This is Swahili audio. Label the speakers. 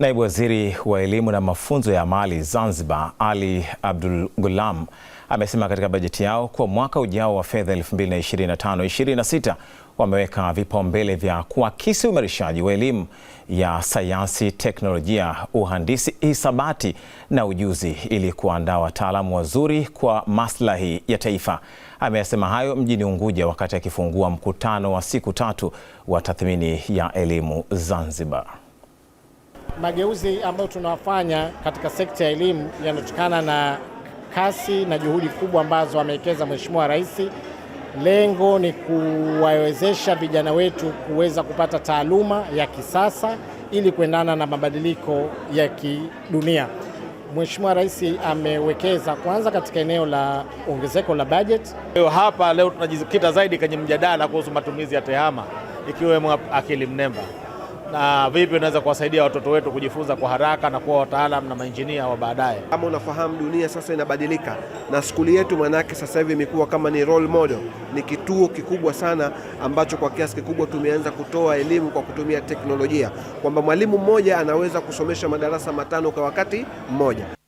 Speaker 1: Naibu Waziri wa Elimu na Mafunzo ya Amali Zanzibar, Ali Abdul Gulam amesema katika bajeti yao kwa mwaka ujao wa fedha 2025/26 wameweka vipaumbele vya kuakisi uimarishaji wa elimu ya sayansi, teknolojia, uhandisi, hisabati na ujuzi ili kuandaa wataalamu wazuri kwa maslahi ya taifa. Ameyasema hayo mjini Unguja wakati akifungua mkutano wa siku tatu wa tathmini ya elimu Zanzibar
Speaker 2: mageuzi ambayo tunawafanya katika sekta ya elimu yanatokana na kasi na juhudi kubwa ambazo amewekeza Mheshimiwa Rais. Lengo ni kuwawezesha vijana wetu kuweza kupata taaluma ya kisasa ili kuendana na mabadiliko ya kidunia. Mheshimiwa Rais amewekeza kwanza katika eneo la ongezeko la bajeti.
Speaker 3: Leo hapa leo tunajikita zaidi kwenye mjadala kuhusu matumizi ya TEHAMA ikiwemo akili mnemba na vipi unaweza kuwasaidia watoto wetu kujifunza kwa haraka na kuwa wataalamu na mainjinia wa baadaye.
Speaker 4: Kama unafahamu dunia sasa inabadilika, na skuli yetu manake sasa hivi imekuwa kama ni role model, ni kituo kikubwa sana ambacho kwa kiasi kikubwa tumeanza kutoa elimu kwa kutumia teknolojia, kwamba mwalimu mmoja anaweza kusomesha madarasa matano kwa wakati mmoja.